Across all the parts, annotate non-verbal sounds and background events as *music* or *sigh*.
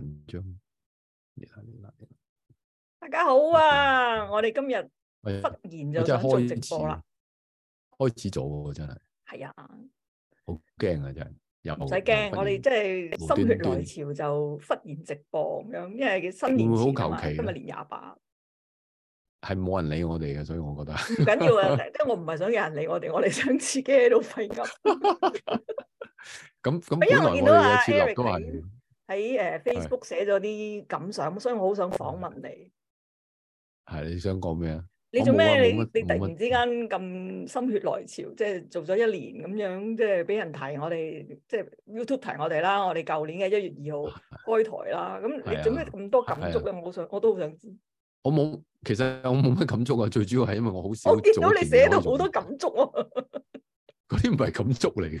緊張，大家好啊！我哋今日忽然就想做直播啦，開始咗喎，真係，係啊，好驚啊，真係又唔使驚，我哋即係心血來潮就忽然直播咁，無端端因為新年會好求其，今日年廿八，係冇人理我哋嘅，所以我覺得唔緊要啊，即係 *laughs* 我唔係想有人理我哋，我哋想自己喺度瞓。覺 *laughs* *laughs* 咁咁本來我哋有次落都係。都 *laughs* 喺誒 Facebook 寫咗啲感想，係，所以我好想訪問你。係你想講咩啊？你做咩？你你突然之間咁心血來潮，即係做咗一年咁樣，即係俾人提我哋，即係 YouTube 提我哋啦。我哋舊年嘅一月二號開台啦。咁你做咩咁多，多感觸啊？我想我都好想知。我冇，其實我冇乜感觸啊。最主要係因為我好少。我見到你寫到好多感觸啊！嗰啲唔係感觸嚟。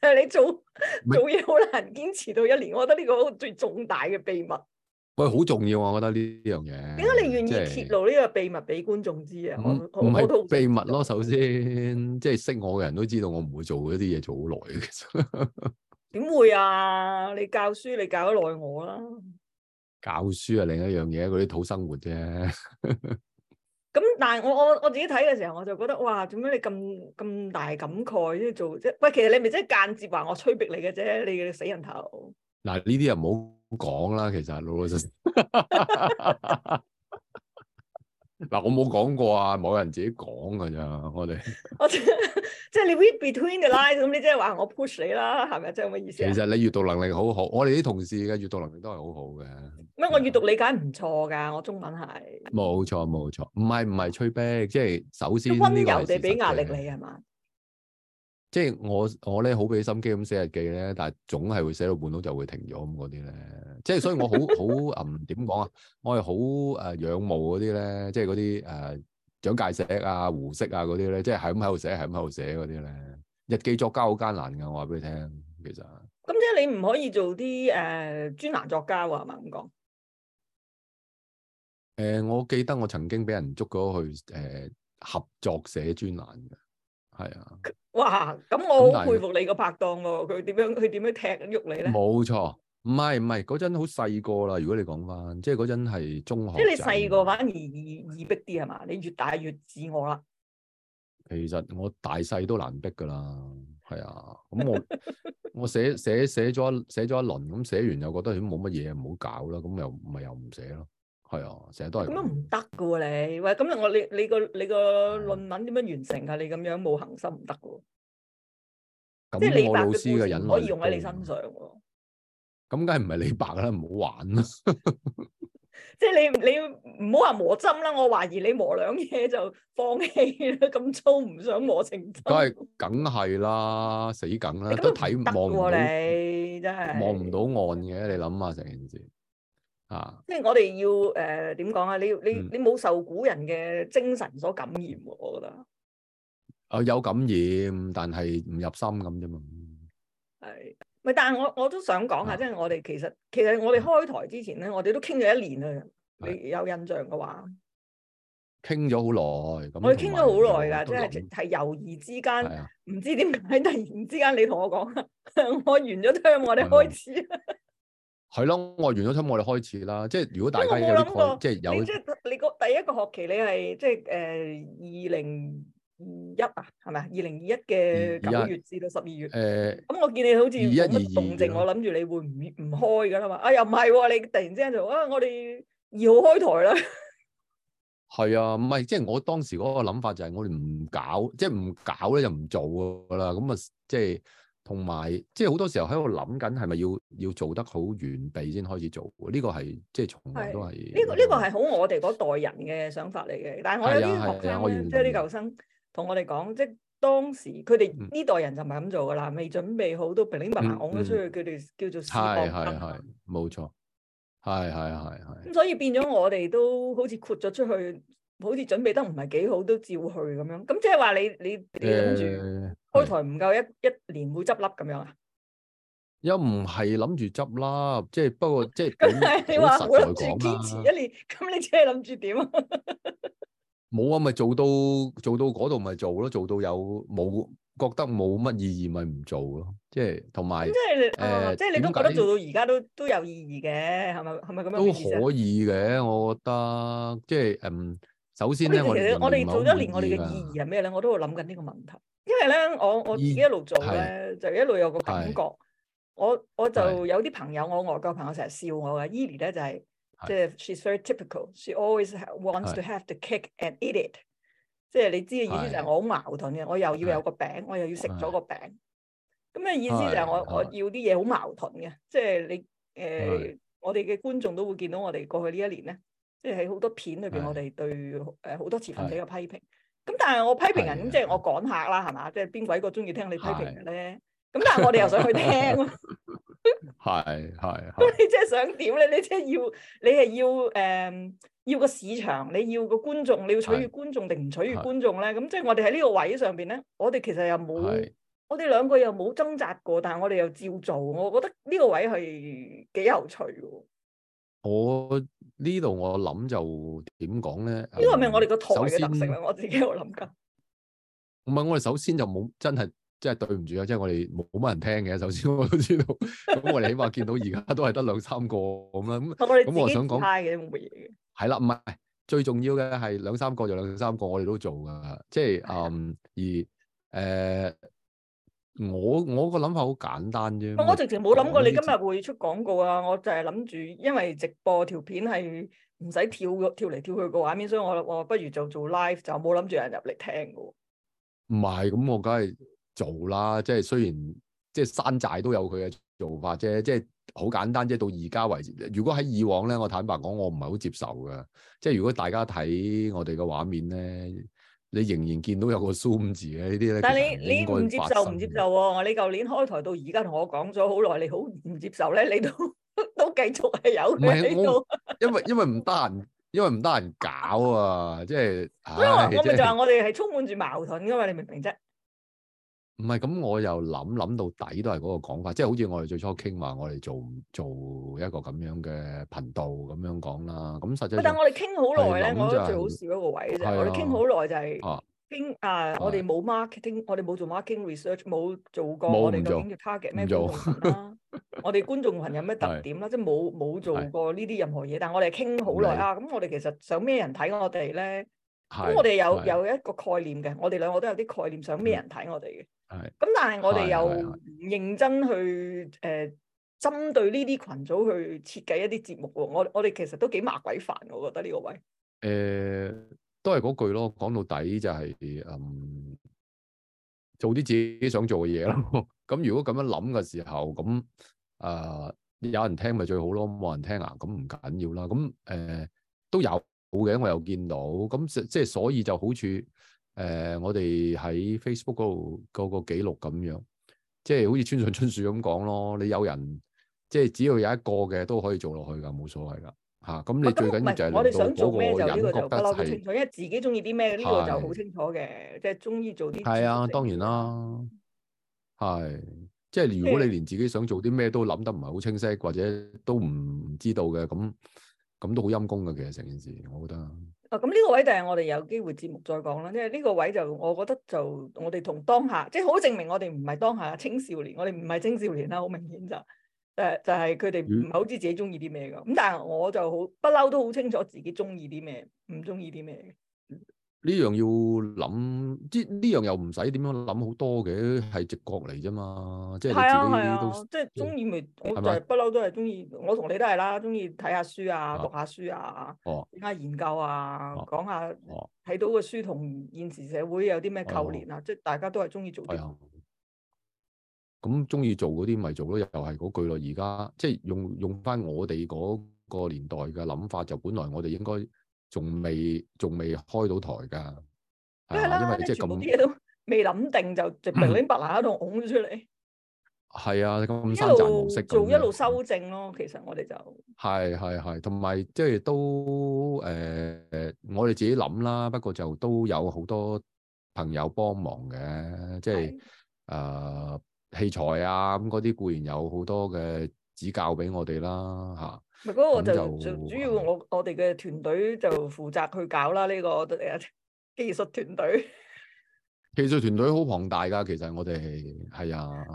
就係你做做嘢，好難堅持到一年，我覺得呢個最重大嘅秘密。喂，好重要啊！我覺得呢樣嘢。點解你願意揭露呢是個秘密俾觀眾知？嗯、啊？我我唔係秘密咯。首先即係、就是、識我嘅人都知道我唔會做嗰啲嘢做好耐嘅。點 *laughs* 會啊？你教書你教得耐我啦。教書啊，另一樣嘢，嗰啲討生活啫。 *laughs* 咁但係我我我自己睇嘅時候，我就覺得哇，點解你咁咁大感慨即呢？做即係喂，其實你咪即係間接話我催逼你嘅啫，你嘅死人頭。嗱呢啲又唔好講啦，其實係老老實實。 *laughs* *laughs* 嗱，我冇講過啊，冇人自己講噶咋，我哋，即係你 read between the lines，咁你即係話我 push 你啦，係咪啊？即係咩意思啊？其實你閲讀能力好好，我哋啲同事嘅閲讀能力都係好好嘅。乜？我閲讀理解唔錯㗎，我中文係。冇錯冇錯，唔係唔係吹逼，即係首先温柔地俾壓力你係嘛？即係我我咧好俾心機咁寫日記咧，但係總係會寫到半度就會停咗咁嗰啲咧。即係所以我好好誒點講啊？我係好誒仰慕嗰啲咧，即係嗰啲誒蔣介石啊胡適啊嗰啲咧，即係係咁喺度寫係咁喺度寫嗰啲咧。日記作家好艱難噶，我話俾你聽，其實。咁即係你唔可以做啲誒專欄作家啊？係咪咁講？誒、呃，我記得我曾經俾人捉咗去誒、呃、合作寫專欄嘅，係啊。 *laughs* 哇！咁我好佩服你個拍檔喎，佢點是樣，佢點樣踢喐你咧？冇錯，唔係唔係嗰陣好細個啦。如果你講翻，即係嗰陣係中學。即係你細個反而易易逼啲係嘛？你越大越自我啦。其實我大細都難逼噶啦。係啊，咁我 *laughs* 我寫寫寫咗寫咗一輪，咁寫完又覺得都冇乜嘢，唔好搞啦。咁又咪又唔寫咯。係啊，成日都係。咁樣唔得噶喎你，喂，咁樣我你你個你個論文點樣完成啊？你咁樣冇恒心唔得噶。咁係李白嘅引例，可以用喺你身上喎。咁梗係唔係李白啦？唔好玩啦。即 *laughs* 係你你唔好話磨針啦，我懷疑你磨兩嘢就放棄啦。咁粗唔想磨成針。梗係梗係啦，死梗啦，都睇唔到喎你，就是、真係的。望唔到岸嘅，你諗下成件事。嗯、即係我哋要誒點講啊？你你你冇受古人嘅精神所感染，我覺得啊、嗯、有感染，但係唔入心咁啫嘛。係咪？但係我我都想講下，的即係我哋其實其實我哋開台之前咧，我哋都傾咗一年啦。的你有印象嘅話，傾咗好耐。我哋傾咗好耐噶，也即係係猶豫之間，唔的知點解突然之間你同我講， *laughs* 我完咗 turn 我哋開始。的 *laughs* 係咯，我完咗身，我哋開始啦。即係如果大家有啲台，即係有。即係你個第一個學期你，你係即係誒二零二一啊，係咪啊？二零二一嘅九月至到十二月。誒、呃。咁我見你好似冇乜動靜，21, 22, 我諗住你會唔唔開噶啦嘛。哎、啊又唔係喎，你突然之間就啊，我哋二號開台啦。係 *laughs* 啊，唔係即係我當時嗰個諗法就係我哋唔搞，即係唔搞咧就唔做噶啦。咁啊，即、就、係、是。同埋，即係好多時候喺度諗緊，係咪要要做得好完備先開始做？呢個係即係從來都係呢個呢個係好我哋嗰代人嘅想法嚟嘅。但係我有啲學生即係啲舊生同我哋講，即係當時佢哋呢代人就唔係咁做㗎啦，未準備好都拋拎埋講咗出去，佢哋叫做試博。係係係，冇錯，係係係係。咁所以變咗我哋都好似豁咗出去。好似準備得唔係幾好，都照去咁樣。咁即係話你你諗住開台唔夠一一年會執笠咁樣啊？又唔係諗住執笠，即係不過即係。但係你話會諗住堅持一年，咁你即係諗住點？冇啊，咪做到做到嗰度咪做咯，做到有冇覺得冇乜意義咪唔做咯。即係同埋，即係誒，即係你都覺得做到而家都都有意義嘅，係咪係咪咁樣？都可以嘅，我覺得即係嗯。首先咧，我哋做咗一年，我哋嘅意義係咩咧？我都會諗緊呢個問題，因為咧，我我自己一路做咧，就一路有個感覺。我我就有啲朋友，我外國朋友成日笑我嘅。伊研咧就係，即係 she's very typical. She always wants to have the cake and eat it。即係你知嘅意思就係我好矛盾嘅，我又要有個餅，我又要食咗個餅。咁嘅意思就係我我要啲嘢，好矛盾嘅，即係你誒，我哋嘅觀眾都會見到我哋過去呢一年咧。即係喺好多片裏邊的，我哋對誒好多持份者比較批評。咁的但係我批評人，咁即係我趕客啦，係嘛？即係邊鬼個中意聽你批評嘅咧？咁的但係我哋又想去聽。係係。 *laughs* 咁 *laughs* 你即係想點咧？你即係要，你係要誒、呃，要個市場，你要個觀眾，你要取悅觀眾定唔的取悅觀眾咧？咁的即係我哋喺呢個位上邊咧，我哋其實又冇，的我哋兩個又冇掙扎過，但係我哋又照做。我覺得呢個位係幾有趣喎。我，我呢度我諗就點講咧？呢個係咪我哋個台嘅特色咧？先我自己個諗法唔係我哋首先就冇真係即係對唔住啊，即、就、係、是、我哋冇乜人聽嘅。首先我都知道咁， *laughs* 我哋起碼見到而家都係得兩三個咁啦。咁我想講，冇乜嘢嘅係啦，唔係最重要嘅係兩三個就兩三個，我哋都做噶，即、就、係、是、的嗯而誒。呃我我個諗法好簡單啫，我直情冇諗過你今日會出廣告啊！我就係諗住，因為直播條片係唔使跳跳嚟跳去個畫面，所以我我不如就做 live，就冇諗住有人入嚟聽噶。唔係，咁我梗係做啦。即係雖然即係山寨都有佢嘅做法啫，即係好簡單啫。即到而家為止，如果喺以往咧，我坦白講，我唔係好接受噶。即係如果大家睇我哋嘅畫面咧。你仍然見到有個孫字嘅呢啲咧，但係你該你唔接受唔接受喎、啊？你舊年開台到而家同我講咗好耐，你好唔接受咧，你都都繼續係有喺度，因為因為唔得閒，因為唔得閒搞啊，即係，因為、嗯哎、我咪就話我哋係充滿住矛盾嘅嘛，你明唔明啫？唔係咁，我又諗諗到底都係嗰個講法，即係好似我哋最初傾話，我哋做做一個咁樣嘅頻道咁樣講啦。咁實際，但係我哋傾好耐咧，我覺得最好笑一個位啫。我哋傾好耐就係傾啊，我哋冇 marketing，我哋冇做 marketing research，冇做過我哋究竟要 target 咩做？我哋觀眾群有咩特點啦？即係冇冇做過呢啲任何嘢。但係我哋傾好耐啊！咁我哋其實想咩人睇我哋咧？咁我哋有有一個概念，嘅，我哋兩個都有啲概念，想咩人睇我哋嘅。係，咁、嗯、但係我哋又唔認真去誒，針、呃、對呢啲群組去設計一啲節目喎。我我哋其實都幾麻鬼煩，我覺得呢個位。誒、呃，都係嗰句咯，講到底就係、是，嗯，做啲自己想做嘅嘢咯。咁、 *laughs* 嗯、如果咁樣諗嘅時候，咁誒、呃，有人聽咪最好咯，冇人聽啊，咁唔緊要啦。咁誒、呃，都有，好嘅，我又見到。咁即即係所以就好似。誒、呃，我哋喺 Facebook 嗰度嗰、嗰個記錄咁樣，即係好似村上春樹咁講咯。你有人，即係只要有一個嘅都可以做落去噶，冇所謂噶。吓、啊，咁你最緊要就係輪到嗰個人覺得係。清楚，因為自己中意啲咩，呢個就好清楚嘅，即係中意做啲。係啊，當然啦，係。即係如果你連自己想做啲咩都諗得唔係好清晰，的或者都唔知道嘅，咁咁都好陰功噶。其實成件事，我覺得。啊，咁、這、呢個位就係我哋有機會節目再講啦。因為呢個位就我覺得就我哋同當下，即係好證明我哋唔係當下青少年，我哋唔係青少年啦，明顯就是就是、好明顯就，誒就係佢哋唔係好知自己中意啲咩嘅，咁但係我就好不嬲都好清楚自己中意啲咩，唔中意啲咩呢樣要諗，即呢樣又唔使點樣諗好多嘅，係直覺嚟啫嘛。即、就、係、是、你自己都即係中意咪？係咪啊？不嬲都係中意。我同你都係啦，中意睇下書啊，啊讀下書啊，點解、哦、研究啊，哦、講下睇到個書同現時社會有啲咩扣連啊？即係、哦、大家都係中意做啲、啊。咁中意做嗰啲咪做咯，又係嗰句咯。而家即係用用翻我哋嗰個年代嘅諗法，就本來我哋應該。仲未仲未開到台㗎，係啊，因為即係咁，啲嘢都未諗定就直明拎白拿喺度拱咗出嚟。係、嗯、啊，咁山寨模式，一路做一路修正咯，其實我哋就係係係，同埋即係都誒、呃，我哋自己諗啦，不過就都有好多朋友幫忙嘅，即係誒器材啊咁嗰啲固然有好多嘅指教俾我哋啦，嚇、啊。咪嗰個就就主要我我哋嘅團隊就負責去搞啦呢、呢個，技術團隊，團隊啊、 *laughs* 技術團隊好龐大㗎，其實我哋係啊，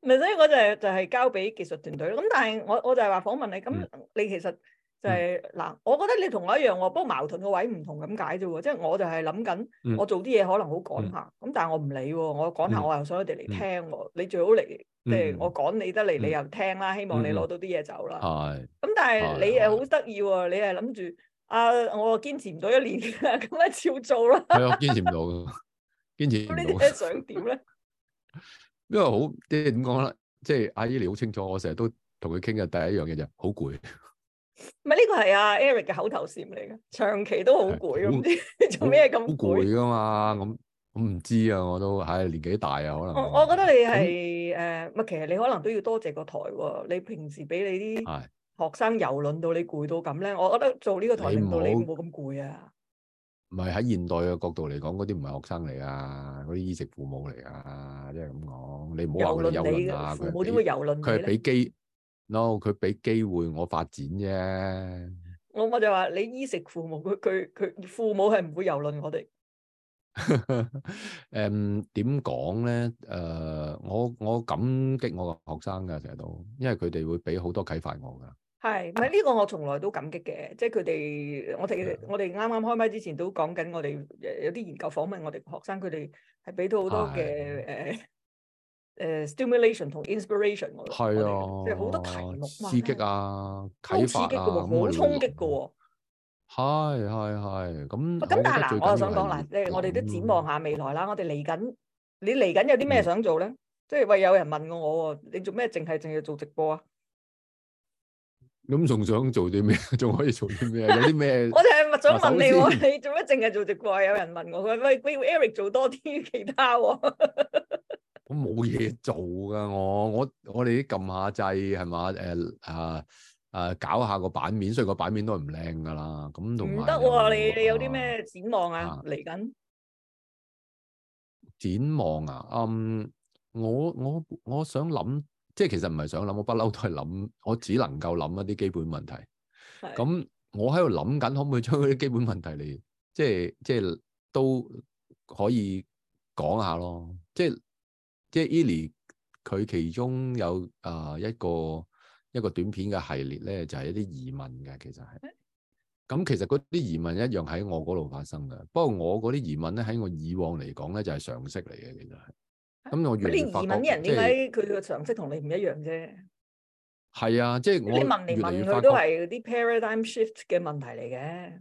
咪所以我就就係交俾技術團隊。咁但係我我就係話訪問你，咁、嗯、你其實。就係、是、嗱，我覺得你同我一樣喎，不過矛盾個位唔同咁解啫喎，即係我就係諗緊，我做啲嘢，可能好趕下，咁、嗯、但係我唔理喎，我趕下我又想佢哋嚟聽我，嗯、你最好嚟，即係、嗯、我趕你得嚟，你又聽啦，希望你攞到啲嘢走啦。係是。咁但係你又好得意喎，你係諗住啊，我堅持唔到一年，咁咪照做啦。係啊，堅 *laughs* 持唔到嘅，堅持 *laughs* 你哋咁呢想點咧？ *laughs* 因為好即係點講咧？即係、就是、阿姨你好清楚，我成日都同佢傾嘅第一樣嘢就好攰。唔係呢個係阿 Eric 嘅口頭禪嚟嘅，長期都好攰。咁，唔知做咩咁攰噶嘛？咁我唔知啊，我都係年紀大啊，可能我。我我覺得你係誒，唔那、呃、其實你可能都要多謝個台喎。你平時俾你啲是學生游輪到你攰到咁咧，我覺得做呢個台令到你唔好咁攰啊。唔係喺現代嘅角度嚟講，嗰啲唔係學生嚟啊，嗰啲衣食父母嚟啊，即係咁講。你唔好話佢游輪啊，佢冇啲乜游輪佢係俾機 no，佢俾機會我發展啫。我我就話你衣食父母，佢佢佢父母係唔會遊論我哋。誒點講咧？誒我我感激我嘅學生嘅成日都，因為佢哋會俾好多啟發我嘅。係，但係呢個我從來都感激嘅，即係佢哋，我哋我哋啱啱開麥之前都講緊，我哋有啲研究訪問我哋學生，佢哋係俾到好多嘅誒。誒，Stimulation 同 Inspiration，係啊，好多題目刺激啊，啟發啊，咁樣好刺激嘅喎，好衝擊嘅喎，係係係，咁咁但係嗱，我又想講嗱，我哋都展望下未來啦。我哋嚟緊，你嚟緊有啲咩想做咧？即係喂，有人問過我，你做咩淨係淨係做直播啊？咁仲想做啲咩？仲可以做啲咩？有啲咩？我就係想問你喎，你做咩淨係做直播啊？有人問我，佢喂，佢要 Eric 做多啲其他喎。我冇嘢做噶，我我我哋啲撳下掣係嘛誒啊誒，搞下個版面，所以個版面都係唔靚噶啦。咁同唔得？你你有啲咩展望啊？嚟緊展望啊？嗯，我我我想諗，即係其實唔係想諗，我不嬲都係諗，我只能夠諗一啲基本問題。咁我喺度諗緊，可唔可以將啲基本問題嚟，即係即係都可以講下咯，即係。.即係 Eli，佢其中有啊、呃、一個一個短片嘅系列咧，就係、是、一啲疑問嘅。其實係，咁麼其實嗰啲疑問一樣喺我嗰度發生噶。不過我嗰啲疑問咧喺我以往嚟講咧就係、是、常識嚟嘅，其實係。咁、啊、我越嚟越發覺，嗰啲疑問嘅人點解佢嘅常識同你唔一樣啫。係啊，即、就、係、是、我越來越來越。你問你問去都係啲 paradigm shift 嘅問題嚟嘅。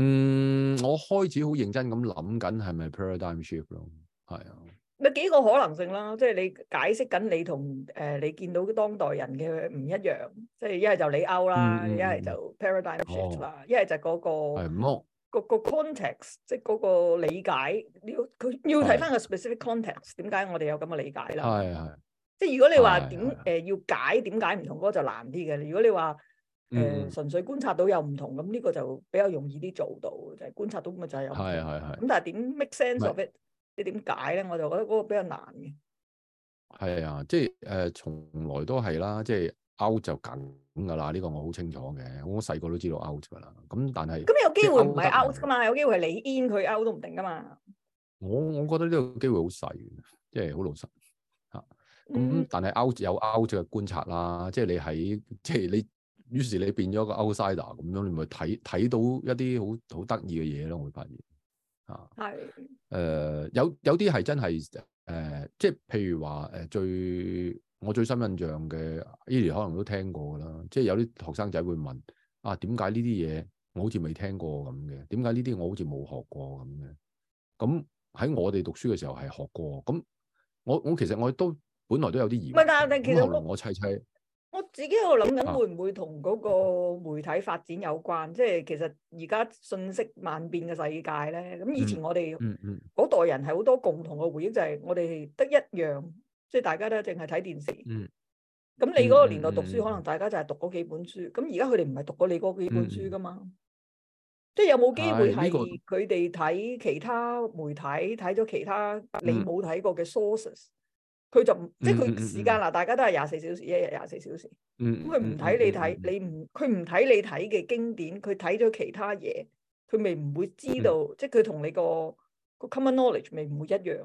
嗯，我開始好認真咁諗緊係咪 paradigm shift 咯，係啊。咪幾個可能性啦，即係你解釋緊你同誒你見到嘅當代人嘅唔一樣，即係一係就你 out 啦，一係就 paradigm shift 啦，一係就嗰個嗰個 context，即係嗰個理解，要佢要睇翻個 specific context，點解我哋有咁嘅理解啦？係係。即係如果你話點誒要解點解唔同嗰個就難啲嘅，如果你話誒純粹觀察到有唔同，咁呢個就比較容易啲做到，就係觀察到咁咪就係有。係係係。咁但係點 make sense of it？你點解咧？我就覺得嗰個比較難嘅。係啊，即係誒、呃，從來都係啦，即係 out 就梗㗎啦，呢、這個我好清楚嘅。我細個都知道 out 㗎啦。咁、嗯、但係咁有機會唔係是 out 㗎嘛？嗯、有機會係你 in 佢 out 都唔定㗎嘛？我我覺得呢個機會好細，即係好老實吓。咁、嗯嗯、但係 out 有 out 嘅觀察啦，即係你喺即係你於是你變咗個 outsider 咁樣，你咪睇睇到一啲好好得意嘅嘢咯，我會發現。啊，係，誒、呃，有有啲係真係，誒、呃，即係譬如話，誒、呃，最我最深印象嘅 Eli 可能都聽過啦，即係有啲學生仔會問，啊，點解呢啲嘢我好似未聽過咁嘅？點解呢啲我好似冇學過咁嘅？咁、嗯、喺我哋讀書嘅時候係學過，咁、嗯、我我其實我都本來都有啲疑問，後來我，我砌砌。自己喺度諗緊會唔會同嗰個媒體發展有關？即係其實而家信息萬變嘅世界咧，咁以前我哋嗰代人係好多共同嘅回憶，嗯、就係我哋得一樣，即、就、係、是、大家都淨係睇電視。咁、嗯、你嗰個年代讀書，嗯、可能大家就係讀嗰幾本書。咁而家佢哋唔係讀過你嗰幾本書噶嘛？嗯、即係有冇機會喺佢哋睇其他媒體，睇咗其他你冇睇過嘅 sources？佢就唔，即係佢時間啦，大家都係廿四小時，一日廿四小時。咁佢唔睇你睇，嗯、你唔佢唔睇你睇嘅經典，佢睇咗其他嘢，佢未唔會知道，嗯、即係佢同你、嗰個個 common knowledge 未唔會一樣。誒、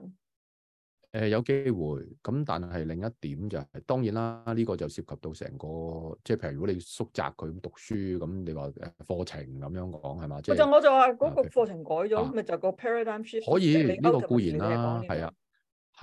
呃，有機會咁，但係另一點就係，當然啦，呢、呢個就涉及到成個，即係譬如如果你縮窄佢讀書咁，你話誒課程咁樣講係嘛？即係、我就話嗰個課程改咗，咪、啊、就個 paradigm shift。可以，呢個固然啦，係啊。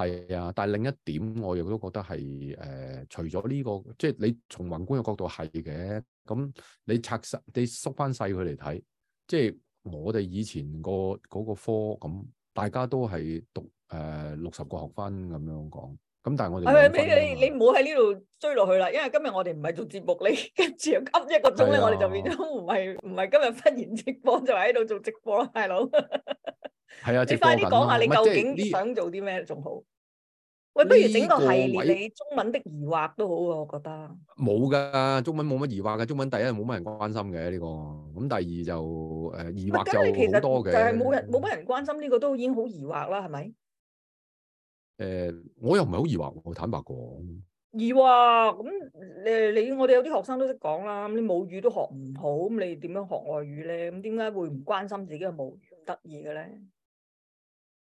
係啊，但係另一點，我亦都覺得係誒、呃，除咗呢、這個，即係你從宏觀嘅角度係嘅。咁你拆實，你縮翻細佢嚟睇，即係我哋以前個嗰、那個科咁，大家都係讀誒六十個學分咁樣講。咁但係我哋係你以你唔好喺呢度追落去啦？因為今日我哋唔係做節目，你跟住又急一個鐘咧，的我哋就變咗唔係唔係今日忽然直播就喺、是、度做直播咯，大佬。係啊的， *laughs* 你快啲講下你究竟想做啲咩仲好？不如整個系列你中文的疑惑都好啊。我覺得冇㗎，中文冇乜疑惑嘅，中文第一係冇乜、這個、人關心嘅呢個，咁第二就誒疑惑就好多嘅，其實就係冇人冇乜人關心呢個都已經好疑惑啦，係咪？誒、呃，我又唔係好疑惑喎，坦白講。疑惑咁誒？你我哋有啲學生都識講啦，咁你母語都學唔好，咁你點樣學外語咧？咁點解會唔關心自己嘅母語得意嘅咧？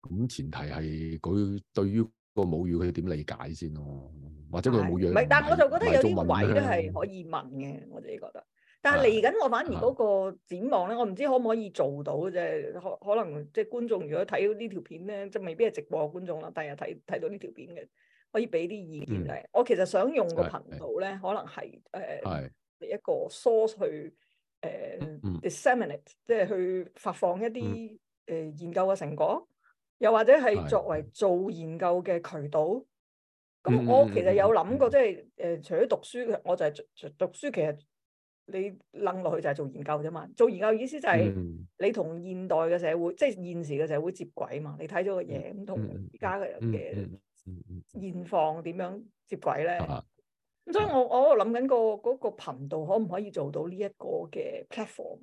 咁前提係佢對於。個母語佢點理解先咯，啊，或者佢母語唔係，但係我就覺得有啲位都係可以問嘅，我自己覺得。但係嚟緊我反而嗰個展望咧，我唔知可唔可以做到啫？可可能即係觀眾如果睇呢條片咧，即未必係直播觀眾啦，第日睇睇到呢條片嘅，可以俾啲意見嘅。嗯、我其實想用個頻道咧，是的 可能係誒，一個 source 去誒、呃嗯、disseminate、嗯、即係去發放一啲誒、嗯呃、研究嘅成果。又或者係作為做研究嘅渠道，咁的我其實有諗過，即係誒、呃、除咗讀書，我就係、是、讀讀書。其實你楞落去就係做研究啫嘛。做研究意思就係你同現代嘅社會，嗯、即係現時嘅社會接軌啊嘛。你睇咗個嘢，咁同而家嘅嘅現況點樣接軌咧？咁、啊、所以我我諗緊個嗰個頻道可唔可以做到呢一個嘅 platform？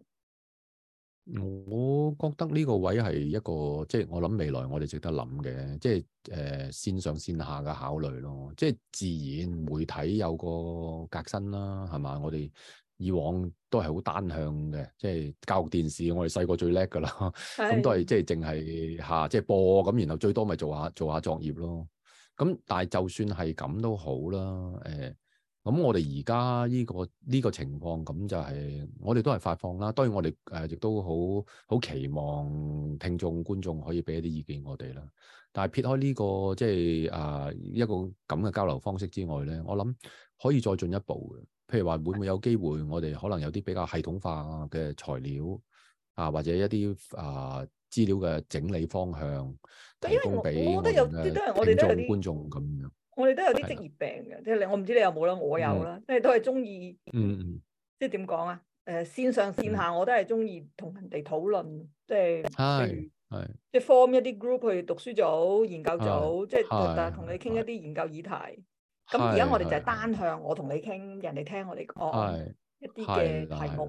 我覺得呢個位係一個，即係我諗未來我哋值得諗嘅，即係誒，線上線下嘅考慮咯。即係自然媒體有個革新啦，係嘛？我哋以往都係好單向嘅，即係教育電視我哋細個最叻噶啦，咁的都係即係淨係下即係播咁，然後最多咪做下做下作業咯。咁但係就算係咁都好啦，誒、呃。咁我哋而家呢個呢、這個情況，就是，咁就係我哋都係發放啦。當然我哋誒亦都好好期望聽眾觀眾可以俾一啲意見我哋啦。但係撇開呢、這個即係啊、呃、一個咁嘅交流方式之外咧，我諗可以再進一步嘅。譬如話會唔會有機會，我哋可能有啲比較系統化嘅材料啊，或者一啲啊資料嘅整理方向，對提供俾我哋嘅聽眾眾觀眾。咁樣。我哋都有啲職業病嘅，即係你，我唔知你有冇啦，我有啦，即係都係中意，即係點講啊？誒，線上線下我都係中意同人哋討論，即係，係，即係 form 一啲 group 去讀書組、研究組，即係同你傾一啲研究議題。咁而家我哋就係單向，我同你傾，人哋聽我哋講一啲嘅題目。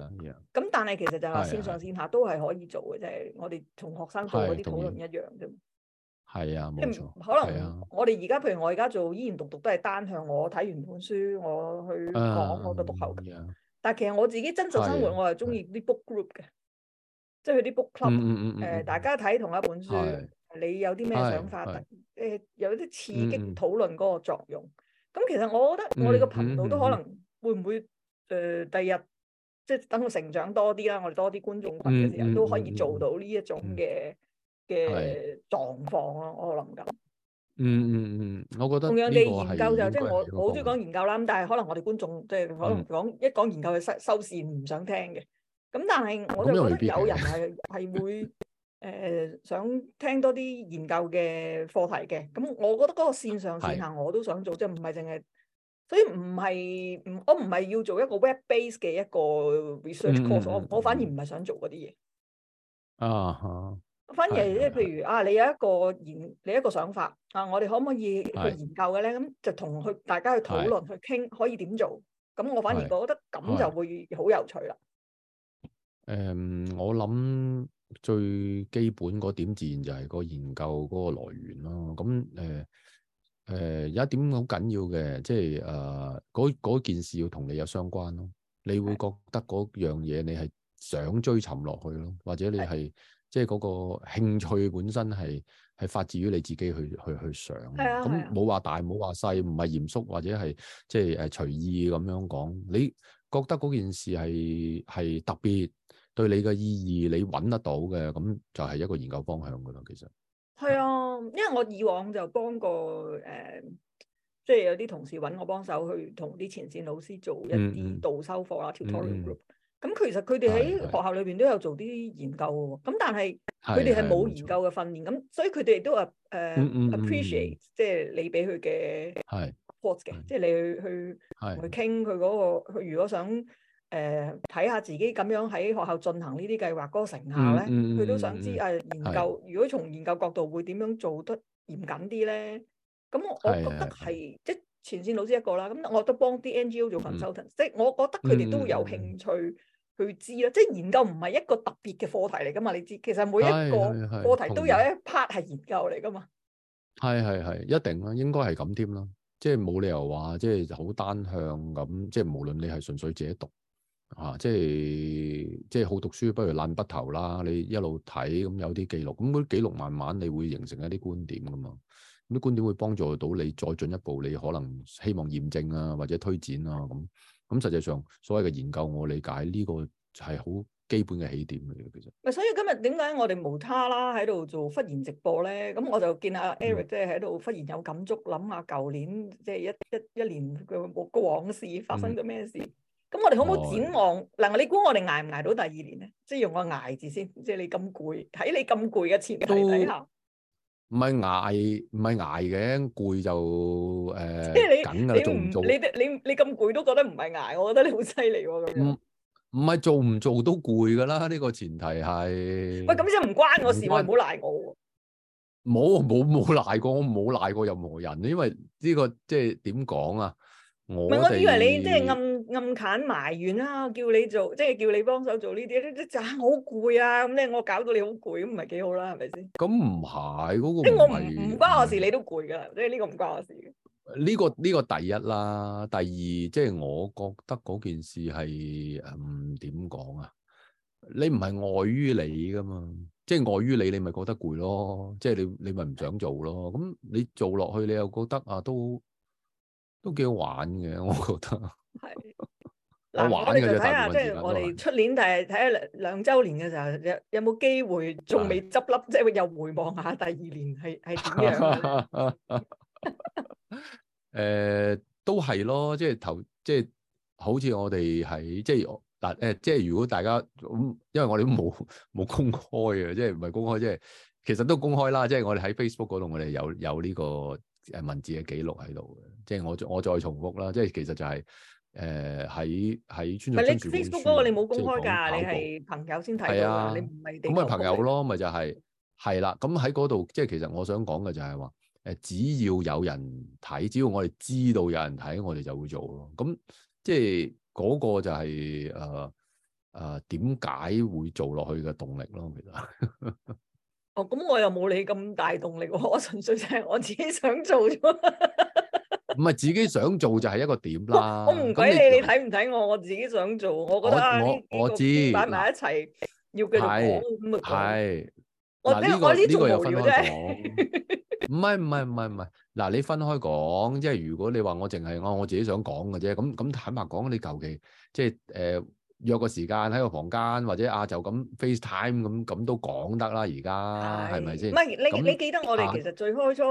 咁但係其實就係線上線下都係可以做嘅，即係我哋同學生做嗰啲討論一樣啫。係啊，冇錯，可能我哋而家，譬如我而家做依然讀讀，都係單向，我睇完本書，我去講我嘅讀後。但係其實我自己真實生活，我係中意啲 book group 嘅，即係佢啲 book club，誒，大家睇同一本書，你有啲咩想法？誒，有啲刺激討論嗰個作用。咁其實我覺得我哋個頻道都可能會唔會誒，第日即係等佢成長多啲啦，我哋多啲觀眾群嘅時候，都可以做到呢一種嘅。嘅狀況咯，我諗緊。嗯嗯嗯，我覺得同樣地研究就即、是、係我好中意講研究啦。咁但係可能我哋觀眾即係、就是、講、嗯、一講研究嘅收收線，唔想聽嘅。咁但係我就覺得有人係係會誒、呃、想聽多啲研究嘅課題嘅。咁我覺得嗰個線上線下我都想做，是即係唔係淨係。所以唔係唔我唔係要做一個 web base 嘅一個 research course、嗯。我反而唔係想做嗰啲嘢。啊哈、嗯！反而即係譬如啊，你有一個研，你一個想法啊，我哋可唔可以去研究嘅咧？咁是就同去大家去討論是去傾，可以點做？咁我反而覺得咁就會好有趣啦。誒、呃，我諗最基本嗰點自然就係個研究嗰個來源咯。咁誒誒，有一點好緊要嘅，即係誒嗰件事要同你有相關咯。你會覺得嗰樣嘢你係想追尋落去咯，或者你係是？即係嗰個興趣本身係係發自於你自己去去去想，咁冇話大冇話細，唔係嚴肅或者係即係誒隨意咁樣講。你覺得嗰件事係係特別對你嘅意義，你揾得到嘅，咁就係一個研究方向㗎喇。其實係啊，啊因為我以往就幫過誒，即、呃、係、就係、有啲同事揾我幫手去同啲前線老師做一啲導修課，嗯嗯，啦，tutorial 咁其實佢哋喺學校裏邊都有做啲研究嘅，咁但係佢哋係冇研究嘅訓練，咁所以佢哋都係誒 appreciate 即係你俾佢嘅 words 嘅，即係你去去同佢傾，佢嗰個佢如果想誒睇下自己咁樣喺學校進行呢啲計劃嗰成效咧，佢都想知誒研究，如果從研究角度會點樣做得嚴謹啲咧？咁我覺得係即係前線老師一個啦，咁我都幫啲 NGO 做 consultants，即係我覺得佢哋都會有興趣。佢知啦，即係研究唔係一個特別嘅課題嚟噶嘛？你知，其實每一個課題同樣 都有一 part 係研究嚟噶嘛。係係係，一定啦，應該係咁添啦。即係冇理由話即係好單向咁，即係無論你係純粹自己讀啊，即係即係好讀書不如爛筆頭啦。你一路睇咁有啲記錄，咁嗰啲記錄慢慢你會形成一啲觀點噶嘛。咁啲觀點會幫助到你再進一步，你可能希望驗證啊，或者推展啊咁。咁實際上，所謂嘅研究，我理解呢個就係好基本嘅起點嚟嘅，其實。咪所以今日點解我哋無他啦，喺度做忽然直播咧？咁我就見阿 Eric 即係喺度忽然有感觸，諗下舊年即係、就是、一一一年嘅往事發生咗咩事？咁、嗯、我哋好唔好展望？嗱、嗯，你估我哋捱唔捱到第二年咧？即係用個捱字先，即係你咁攰，喺你咁攰嘅前提底下。唔係挨，唔係挨嘅，攰就誒即係你梗噶啦，仲做唔做你你你咁攰都覺得唔係挨，我覺得你好犀利喎咁樣、嗯。唔唔係做唔做都攰噶啦，呢個前提係喂咁即係唔關我事，唔關、我唔好賴我。冇冇冇賴過，我冇賴過任何人，因為呢個即係點講啊？唔係，我以為你即係暗暗埋怨啦，叫你做，即係叫你幫手做呢啲咧，就好攰啊！咁咧，我搞到你好攰，唔係幾好啦，係咪先？咁唔係嗰個，即係我唔唔關我事，你都攰噶啦，即係呢個唔關我事。呢個呢個第一啦，第二即係我覺得嗰件事係誒，唔點講啊？你唔係礙於你噶嘛，即係礙於你，你咪覺得攰咯，即係你你咪唔想做咯。咁你做落去，你又覺得啊都。都幾好玩嘅，我覺得係。的 *laughs* 我玩嘅哋、啊、就睇下，即係我哋出年，但係睇下兩兩周年嘅時候，有有冇機會，仲未執笠，即係又回望下第二年係係點樣。誒、 *laughs* *laughs* 呃，都係咯，即係頭，即係好似我哋喺，即係嗱誒，即係如果大家因為我哋都冇冇公開嘅，即係唔係公開，即係其實都公開啦，即係我哋喺 Facebook 嗰度，我哋有有、這、呢個。誒文字嘅記錄喺度嘅，即係我再我再重複啦。即係其實就係誒喺喺。唔、呃、你 Facebook 嗰個書你冇公開㗎，你係朋友先睇到、啊、你唔係咁咪朋友咯，咪就係係啦。咁喺嗰度，即係其實我想講嘅就係話誒，只要有人睇，只要我哋知道有人睇，我哋就會做咯。咁、嗯、即係嗰個就係誒誒點解會做落去嘅動力咯，其實。 *laughs* 咁我又冇你咁大動力喎，我純粹就係我自己想做啫。唔係自己想做就係一個點啦。我唔鬼理你睇唔睇我，我自己想做。我覺得我我知擺埋一齊要繼續講。係係，我呢我呢又分開講。唔係唔係唔係唔係，嗱你分開講，即係如果你話我淨係我我自己想講嘅啫，咁咁坦白講你求其，即係誒。約個時間喺個房間，或者啊就咁 FaceTime 咁咁都講得啦。而家係咪先？唔係你那你記得我哋其實最開初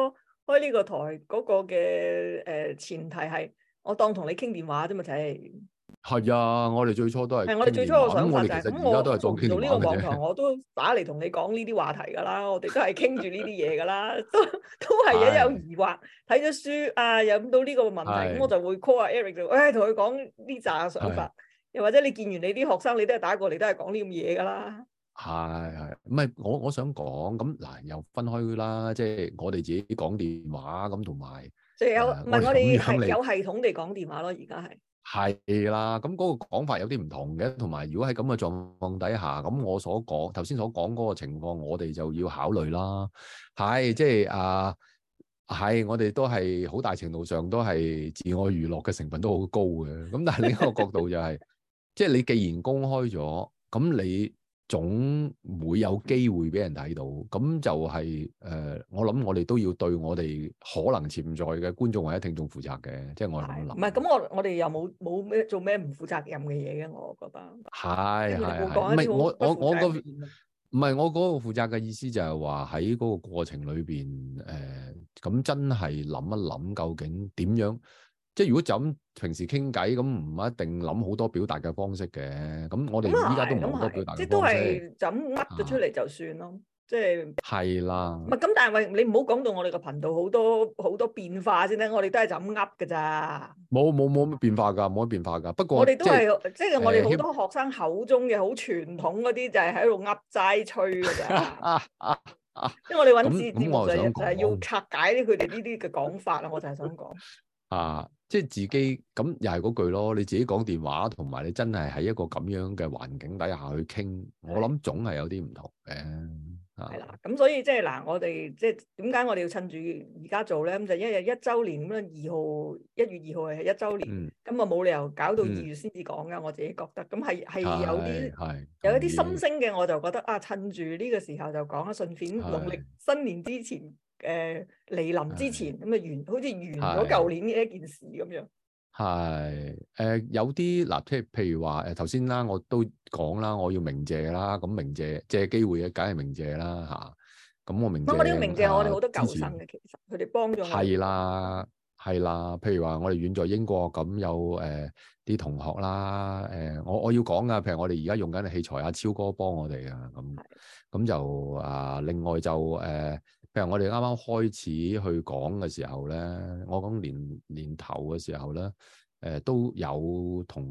開呢個台嗰個嘅誒前提係我當同你傾電話啫嘛，仔、哎。係啊，我哋最初都係。係、啊、我哋最初嘅想法就係、是、咁、嗯，我都係做呢個網台，我都打嚟同你講呢啲話題噶啦。我哋都係傾住呢啲嘢噶啦， *laughs* 都都係一有疑惑睇咗 *laughs* 書啊，又諗到呢個問題，咁的我就會 call 阿 Eric 就誒同佢講呢扎想法。 *laughs* *laughs* 又或者你見完你啲學生，你都係打過嚟，都係講呢咁嘢噶啦。係係，唔係我我想講咁嗱，又分開啦。即係我哋自己講電話咁，同埋，即係有唔係我哋係有系統地講電話咯。而家係係啦，咁嗰個講法有啲唔同嘅，同埋如果喺咁嘅狀況底下，咁我所講頭先所講嗰個情況，我哋就要考慮啦。係即係啊，係我哋都係好大程度上都係自我娛樂嘅成分都好高嘅。咁但係另一個角度就係。 *laughs* 即係你既然公開咗，咁你總會有機會俾人睇到，咁就係、是、誒、呃，我諗我哋都要對我哋可能潛在嘅觀眾或者聽眾負責嘅，即係我係咁諗。唔係，咁我我哋又冇冇咩做咩唔負責任嘅嘢嘅，我覺得。係係係，係我我我個唔係我嗰個負責嘅意思就係話喺嗰個過程裏邊誒，咁、呃、真係諗一諗究竟點樣。即係如果就咁平時傾偈，咁唔一定諗好多表達嘅方式嘅，咁我哋依家都唔多表達嘅方式。即係都係就咁呃咗出嚟就算咯，啊、即係係啦。唔咁的，但係喂，你唔好講到我哋個頻道好多好多變化先啦。我哋都係就咁呃噶咋。冇冇冇乜變化噶，冇乜變化噶。不過我哋都係即係是、嗯、我哋好多學生口中嘅好傳統嗰啲， *laughs* 就係喺度呃齋吹噶咋。即係我哋揾字典就係要拆解啲佢哋呢啲嘅講法啦。 *laughs* 我就係想講。啊，即係自己咁又係嗰句咯，你自己講電話，同埋你真係喺一個咁樣嘅環境底下去傾，我諗總係有啲唔同嘅。係、啊、啦，咁所以即係嗱，我哋即係點解我哋要趁住而家做咧？咁就因為有一周年咁樣，二號一月二號係一周年，咁啊冇理由搞到二月先至講噶。嗯、我自己覺得，咁係係有啲有一啲心聲嘅，我就覺得啊，趁住呢個時候就講啦，順便農曆新年之前。誒，嚟臨之前咁啊的完，好似完咗舊年呢一件事咁的樣。係誒、呃，有啲嗱，即係譬如話誒，頭先啦，我都講啦，我要鳴謝啦，咁鳴謝借機會嘅，梗係鳴謝啦吓。咁我鳴謝。我呢個鳴謝，我哋好多舊生嘅，前其實佢哋幫咗我。係啦係啦，譬如話我哋遠在英國咁有誒啲、呃、同學啦，誒、呃、我我要講㗎，譬如我哋而家用緊嘅器材阿超哥幫我哋啊咁，咁就啊另外就誒。我哋啱啱開始去講嘅時候咧，我講年年頭嘅時候咧，誒、呃、都有同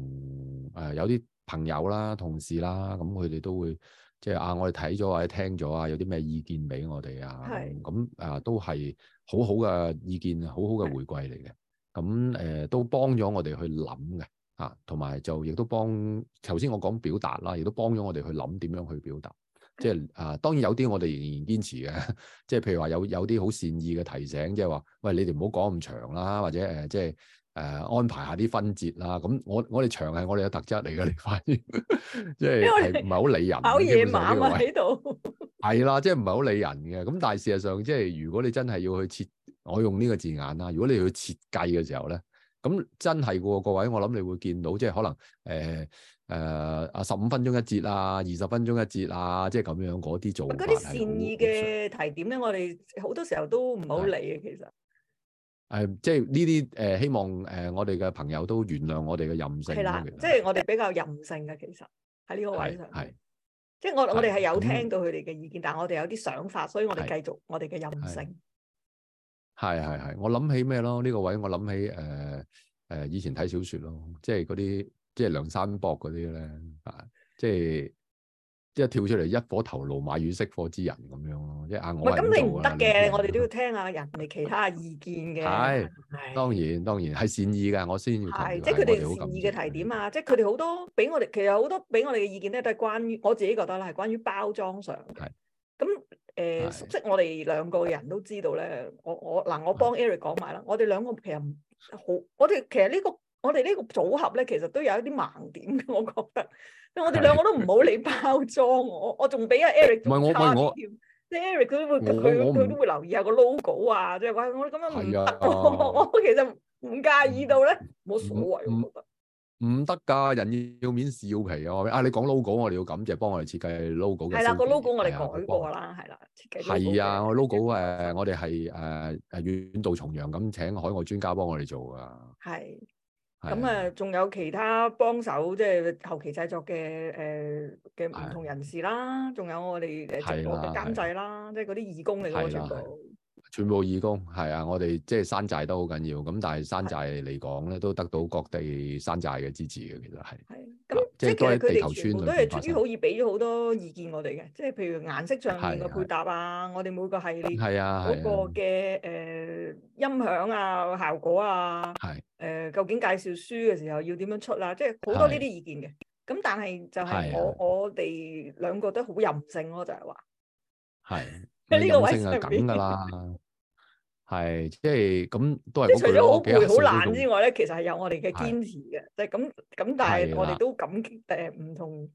誒、呃、有啲朋友啦、同事啦，咁佢哋都會即係、就是、啊，我哋睇咗或者聽咗啊，有啲咩意見俾我哋啊？係、嗯。咁、呃、誒都係好好嘅意見，好好嘅回饋嚟嘅。咁、嗯、誒、呃、都幫咗我哋去諗嘅啊，同埋就亦都幫頭先我講表達啦，亦都幫咗我哋去諗點樣去表達。即係啊，當然有啲我哋仍然堅持嘅，即係譬如話有有啲好善意嘅提醒，即係話喂，你哋唔好講咁長啦，或者誒，即係誒安排下啲分節啦。咁、嗯、我我哋長係我哋嘅特質嚟嘅，你發現即係唔係好理人，好夜馬嘛喺度係啦，即係唔係好理人嘅。咁但係事實上，即係如果你真係要去設，我用呢個字眼啦。如果你去設計嘅時候咧。咁真係嘅喎，各位，我諗你會見到，即係可能，誒、呃、誒，呃、啊，十五分鐘一節啊，二十分鐘一節啊，即係咁樣嗰啲做法。嗰啲善意嘅提點咧，我哋好多時候都唔好理嘅，其實。誒、呃，即係呢啲誒，希望誒、呃，我哋嘅朋友都原諒我哋嘅任性。係啦的，的即係我哋比較任性嘅，其實喺呢個位上。係。即係我我哋係有聽到佢哋嘅意見，的但係我哋有啲想法，所以我哋繼續我哋嘅任性。係係係，我諗起咩咯？呢個位我諗起誒誒，以前睇小說咯，即係嗰啲即係梁山伯嗰啲咧，啊，即係一跳出嚟，一顆頭露馬尾識貨之人咁樣咯，一眼我係唔係咁你唔得嘅？我哋都要聽下人哋其他嘅意見嘅。係，當然當然係善意嘅，我先要即係佢哋善意嘅提點啊！即係佢哋好多俾我哋，其實好多俾我哋嘅意見咧，都係關於我自己覺得啦，係關於包裝上嘅。咁誒，即係我哋兩個人都知道咧，我我嗱，我幫 Eric 講埋啦。我哋兩個其實好，我哋其實呢個我哋呢個組合咧，其實都有一啲盲點嘅。我覺得，我哋兩個都唔好理包裝，我我仲比阿 Eric 差啲添。即係 Eric 佢都會佢佢都會留意下個 logo 啊，即係話我哋咁樣唔得。我其實唔介意到咧，冇所謂，我覺得。唔得噶，人要面試要皮啊！啊，你講 logo，我哋要感謝幫我哋設計 logo 嘅係啦，個 logo 我哋改過啦，係啦的，設計係啊，logo 誒，我哋係誒誒遠道重洋咁請海外專家幫我哋做噶，係咁啊，仲的有其他幫手，即係後期製作嘅誒嘅唔同人士啦，仲的有我哋誒節目嘅監製啦，即係嗰啲義工嚟咯，全部。全部義工係啊，我哋即係山寨都好緊要咁，但係山寨嚟講咧，都得到各地山寨嘅支持嘅，其實係。係。咁即係都係地球村，都係好易俾咗好多意見我哋嘅，即係譬如顏色上面嘅配搭啊，我哋每個系列，係啊，每個嘅誒音響啊效果啊，係誒究竟介紹書嘅時候要點樣出啦，即係好多呢啲意見嘅。咁但係就係我我哋兩個都好任性咯，就係話係。喺呢個位上緊噶啦，係即係咁都係。即、嗯、即除咗好攰、好懶之外咧，其實係有我哋嘅堅持嘅。即係咁咁，但係我哋都感激誒唔同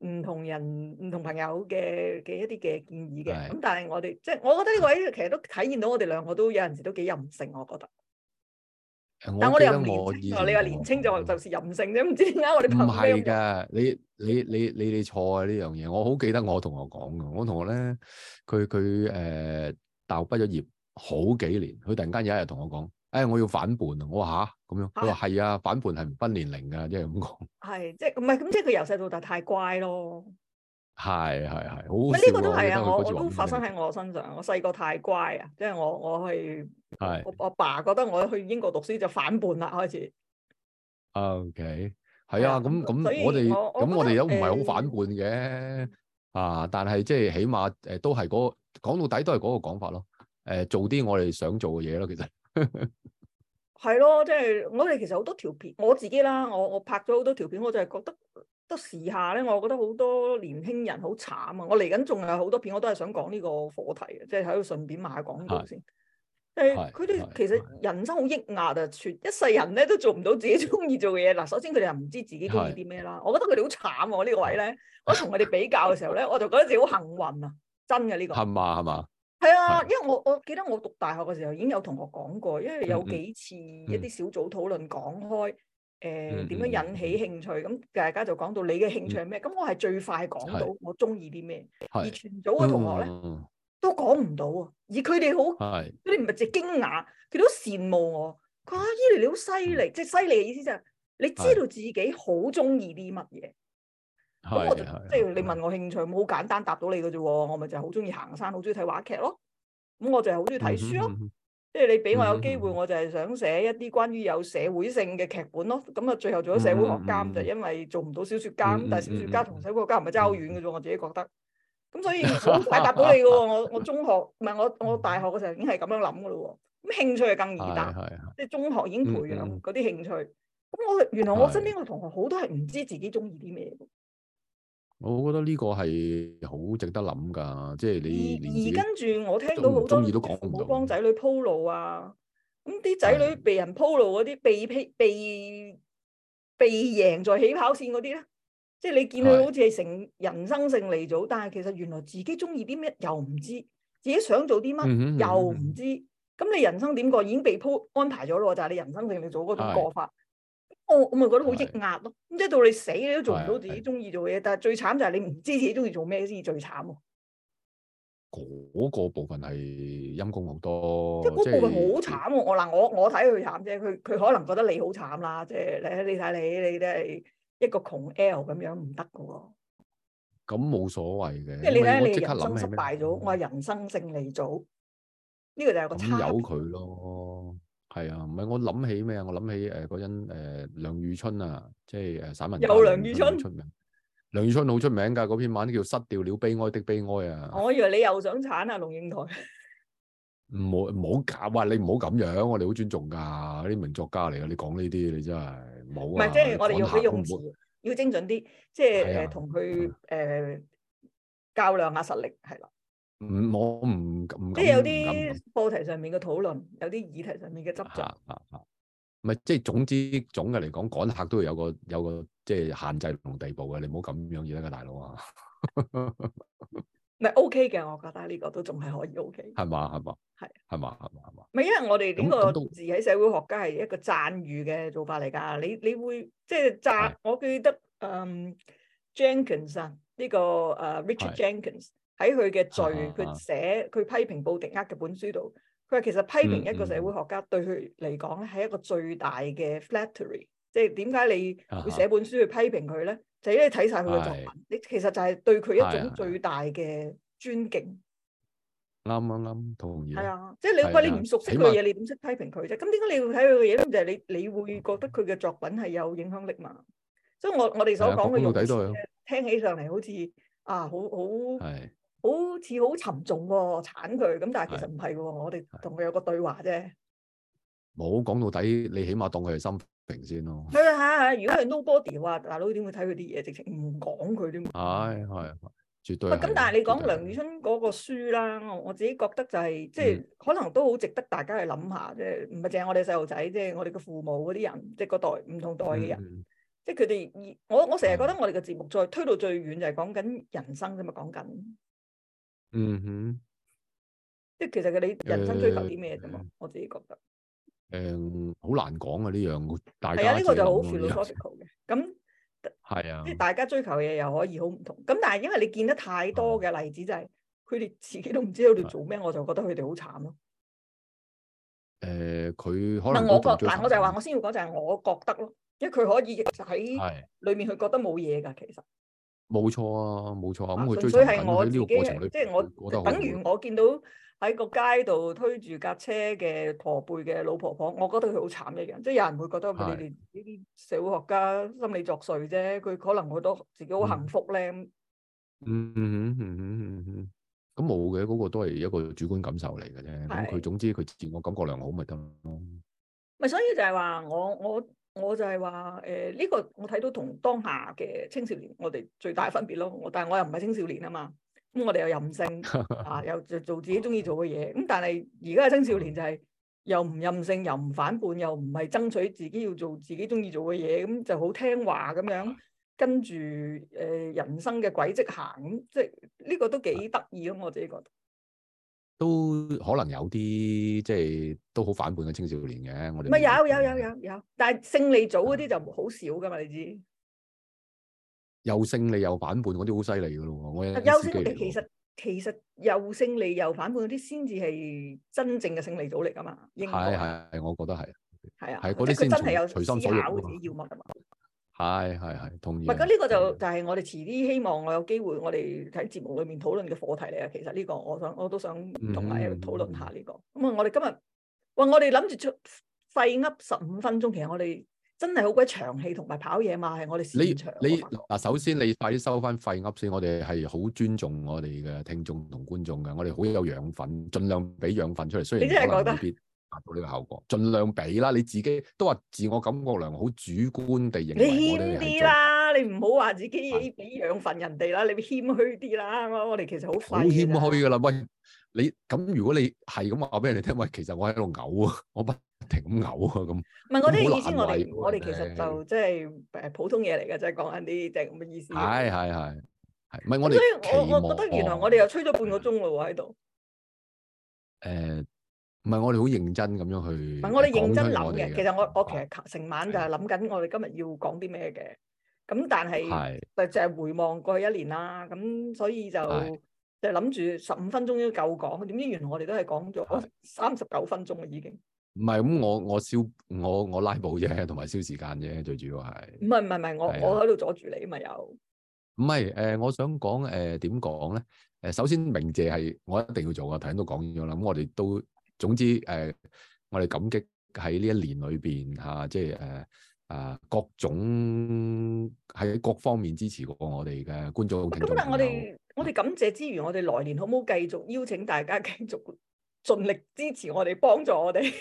唔的同人唔同朋友嘅嘅一啲嘅建議嘅。咁的但係我哋即係，就是、我覺得呢個位其實都體現到我哋兩個都有陣時都幾任性，我覺得。我我但我哋唔我意，你話年青就話就是任性啫，唔我知點解我哋朋友唔係噶，你你你你你錯啊呢樣嘢，我好記得我同學講噶，我同學咧，佢佢誒，大學畢咗業好幾年，佢突然間有一日同我講，誒、哎、我要反叛啊，我話吓咁樣，佢話係啊，反叛係唔分年齡噶、就是，即係咁講。係即係唔係咁即係佢由細到大太乖咯。係係係，唔係呢個都係啊！我我，我，我都發生喺我身上。我細個太乖啊，即係我我係是我阿爸，爸覺得我去英國讀書就反叛啦，開始。OK，係啊，咁咁我哋咁我哋都唔係好反叛嘅，欸、啊？但係即係起碼誒、嗰個，都係嗰講到底都係嗰個講法咯。誒，做啲我哋想做嘅嘢咯，其實。係 *laughs* 咯，即、就、係、是、我哋其實好多條片，我自己啦，我我拍咗好多條片，我就係覺得。都時下咧，我覺得好多年輕人好慘啊！我嚟緊仲有好多片，我都係想講呢個課題嘅，即係喺度順便賣下廣告先。因為佢哋其實人生好抑壓啊，全一世人咧都做唔到自己中意做嘅嘢。嗱，首先佢哋又唔知自己中意啲咩啦。我覺得佢哋好慘喎，呢個位咧。我同佢哋比較嘅時候咧，我就覺得自己好幸運啊！真嘅呢個。係嘛係嘛。係啊，因為我我記得我讀大學嘅時候已經有同學講過，因為有幾次一啲小組討論講開。誒、點、呃、樣引起興趣？咁大家就講到你嘅興趣係咩？咁、嗯、我係最快講到我中意啲咩，是而全組嘅同學咧、哦、都講唔到啊。而佢哋好，佢哋唔係淨係驚訝，佢哋都羨慕我。佢話：阿、哎、姨，你好犀利！嗯、即係犀利嘅意思就係，你知道自己好中意啲乜嘢。咁是我即係的你問我興趣，我好的簡單答到你嘅啫。我咪就係好中意行山，好中意睇話劇咯。咁我就係好中意睇書咯。即係你俾我有機會，嗯、我就係想寫一啲關於有社會性嘅劇本咯。咁啊，最後做咗社會學監，嗯、就因為做唔到小説監。嗯嗯、但係小説家同社會學家唔係差好遠嘅啫，我自己覺得。咁所以好快答到你嘅喎。我我中學唔係我我大學嗰陣已經係咁樣諗嘅咯喎。咁興趣係更易答，嗯嗯、即係中學已經培養嗰啲興趣。咁我原來我身邊嘅同學好多係唔知自己中意啲咩。我覺得呢個係好值得諗噶，即係你，你而跟住我聽到好多都講好幫仔女鋪路啊，咁啲仔女被人鋪路嗰啲的被批被被贏在起跑線嗰啲咧，即係你見佢好似係成人生勝利組，的但係其實原來自己中意啲咩又唔知，自己想做啲乜又唔知，咁、嗯嗯嗯嗯、你人生點過已經被鋪安排咗咯，就係、是、你人生勝利組嗰種過法。我我咪覺得好抑壓咯，咁即係到你死你都做唔到自己中意做嘅嘢，但係最慘就係你唔知自己中意做咩先至最慘喎。嗰個部分係陰功好多，即嗰部分好慘喎。我嗱我我睇佢慘啫，佢佢可能覺得你好慘啦，即係你你睇你你都係一個窮 L 咁樣唔得嘅喎。咁冇所謂嘅，即係你睇你人生失敗咗，我係人生勝利組，呢個就係個。咁由佢咯。係啊，唔係我諗起咩啊？我諗起誒，嗰陣誒梁遇春啊，即係誒散文又梁遇春出名，梁遇春好出名噶，嗰篇文叫《失掉了悲哀的悲哀》啊。我以為你又想鏟啊龍應台。唔好唔好搞，哇！你唔好咁樣，我哋好尊重噶，啲名作家嚟噶你講呢啲你真係冇。唔係，即係我哋用啲用詞要精準啲，即係誒同佢誒較量下實力係啦。唔，我唔唔敢。即係有啲課題上面嘅討論，有啲議題上面嘅執、啊。啊啊啊！唔係，即係總之總嘅嚟講，趕客都會有個有個即係限制同地步嘅，你唔好咁樣嘢啦，大佬啊。唔 *laughs* 係 OK 嘅，我覺得呢、這個都仲係可以 OK。係嘛？係嘛？係係嘛？係嘛？唔係因為我哋呢個字喺社會學家係一個讚譽嘅做法嚟噶，你你會即係讚？我記得嗯、um,，Jenkins 呢、這個誒、uh, Richard Jenkins 的。是喺佢嘅序，佢寫佢批評布迪厄嘅本書度，佢話其實批評一個社會學家對佢嚟講係一個最大嘅 flattery，即係點解你會寫本書去批評佢咧？就係因為你睇晒佢嘅作品，你其實就係對佢一種最大嘅尊敬。啱啱啱，同意。係啊，即係你話你唔熟悉佢嘅嘢，你點識批評佢啫？咁點解你要睇佢嘅嘢咧？就係你你會覺得佢嘅作品係有影響力嘛？所以我我哋所講嘅聽起上嚟好似啊，好好。好似好沉重喎、哦，鏟佢咁，但係其實唔係喎，的我哋同佢有個對話啫。冇講到底，你起碼當佢係心平先咯、哦。係啊，係啊如果係 nobody 話大佬點會睇佢啲嘢，直情唔講佢啲。唉，係絕對。咁但係你講梁宇春嗰個書啦，我自己覺得就係、是，即、就、係、是嗯、可能都好值得大家去諗下，即係唔係淨係我哋細路仔，即、就、係、是、我哋嘅父母嗰啲人，即、就、係、是、個代唔同代嘅人，嗯嗯、即係佢哋。我我成日覺得我哋嘅節目再推到最遠就係講緊人生啫嘛，講、就、緊、是。嗯哼，即係其實嘅你人生追求啲咩啫嘛？呃、我自己覺得，誒、呃，好難講啊呢樣，係啊，呢想個就好 philosophical 嘅。咁係啊，即係大家追求嘢，又可以好唔同。咁但係因為你見得太多嘅例子、就是，就係佢哋自己都唔知道佢做咩，啊、我就覺得佢哋好慘咯。誒、呃，佢可能我覺，但我就係話我先要講就係我覺得咯，因為佢可以喺裏面佢覺得冇嘢噶，其實。冇錯啊，冇錯啊，咁佢追求幸福喺呢個過程裏，即係我覺得等於我見到喺個街度推住架車嘅駝背嘅老婆婆，我覺得佢好慘一樣，即係有人會覺得佢哋呢啲社會學家心理作祟啫，佢可能我都自己好幸福咧。嗯嗯嗯嗯嗯嗯，咁冇嘅，嗰個都係一個主觀感受嚟嘅啫。咁佢總之佢自我感覺良好咪得咯。咪所以就係話我我。我就係話誒呢個我睇到同當下嘅青少年我哋最大分別咯，我但係我又唔係青少年啊嘛，咁、嗯、我哋又任性啊，又就做自己中意做嘅嘢，咁、嗯、但係而家嘅青少年就係、是、又唔任性，又唔反叛，又唔係爭取自己要做自己中意做嘅嘢，咁、嗯、就好聽話咁樣跟住誒、呃、人生嘅軌跡行，即係呢、這個都幾得意咯，我自己覺得。都可能有啲即係都好反叛嘅青少年嘅，我哋唔係有有有有有，但係勝利組嗰啲就好少噶嘛，你知。又勝利又反叛嗰啲好犀利噶咯，我有。又勝利其實其實又勝利又反叛嗰啲先至係真正嘅勝利組嚟噶嘛？應該係係係，我覺得係。係啊，係嗰啲真係有隨心所欲自己要乜啊嘛。係係係，同意。唔係，咁呢個就就係我哋遲啲希望我有機會，我哋喺節目裏面討論嘅課題嚟啊。其實呢個我想，我都想同埋討論下呢個。咁啊，嗯，我哋今日，哇！我哋諗住出廢噏十五分鐘，其實我哋真係好鬼長氣，同埋跑嘢嘛。係我哋市場。你嗱，你我我首先你快啲收翻廢噏先。我哋係好尊重我哋嘅聽眾同觀眾嘅，我哋好有養分，盡量俾養分出嚟。雖然我哋。達到呢個效果，盡量俾啦。你自己都話自我感覺良好，主觀地認為你我謙啲啦，你唔好話自己俾俾養分人哋啦。的你謙虛啲啦。我哋其實好快。好謙虛噶啦，喂，你咁如果你係咁話俾人哋聽，喂，其實我喺度嘔啊，我不停咁嘔啊，咁。唔係我啲意思，我哋我哋其實就即係誒普通嘢嚟噶，即係講緊啲即係咁嘅意思。係係係，唔係我哋。所以我我覺得原來我哋又吹咗半個鐘啦，喺度。誒、呃。唔係，我哋好認真咁樣去。唔係，我哋認真諗嘅。其實我我其實成晚就係諗緊，我哋今日要講啲咩嘅。咁但係就淨係回望過去一年啦。咁所以就就諗住十五分鐘都夠講。點知原來我哋都係講咗三十九分鐘啊，已經。唔係咁，我我燒我我拉布啫，同埋燒時間啫，最主要係。唔係唔係唔係，我我喺度阻住你啊嘛又。唔係誒，我想講誒點講咧？誒首先，鳴謝係我一定要做嘅。頭先都講咗啦。咁我哋都。總之，誒、呃，我哋感激喺呢一年裏邊吓，即係誒啊，啊，啊各種喺各方面支持過我哋嘅觀眾。咁但係我哋，我哋感謝之餘，我哋來年可唔可以繼續邀請大家繼續盡力支持我哋，幫助我哋。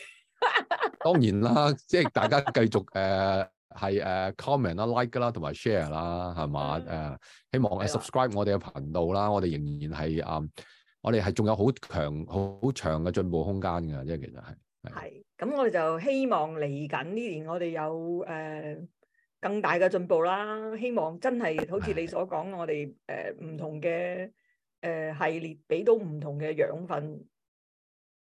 *laughs* 當然啦，即、就、係、是、大家繼續誒係誒 comment 啦、like、like 啦、嗯、同埋 share 啦，係嘛誒？希望誒 subscribe 的我哋嘅頻道啦，我哋仍然係誒。呃我哋係仲有好強、好長嘅進步空間噶，即係其實係係。咁我哋就希望嚟緊呢年我，我哋有誒更大嘅進步啦。希望真係好似你所講，是我哋誒唔同嘅誒、呃、系列，俾到唔同嘅養分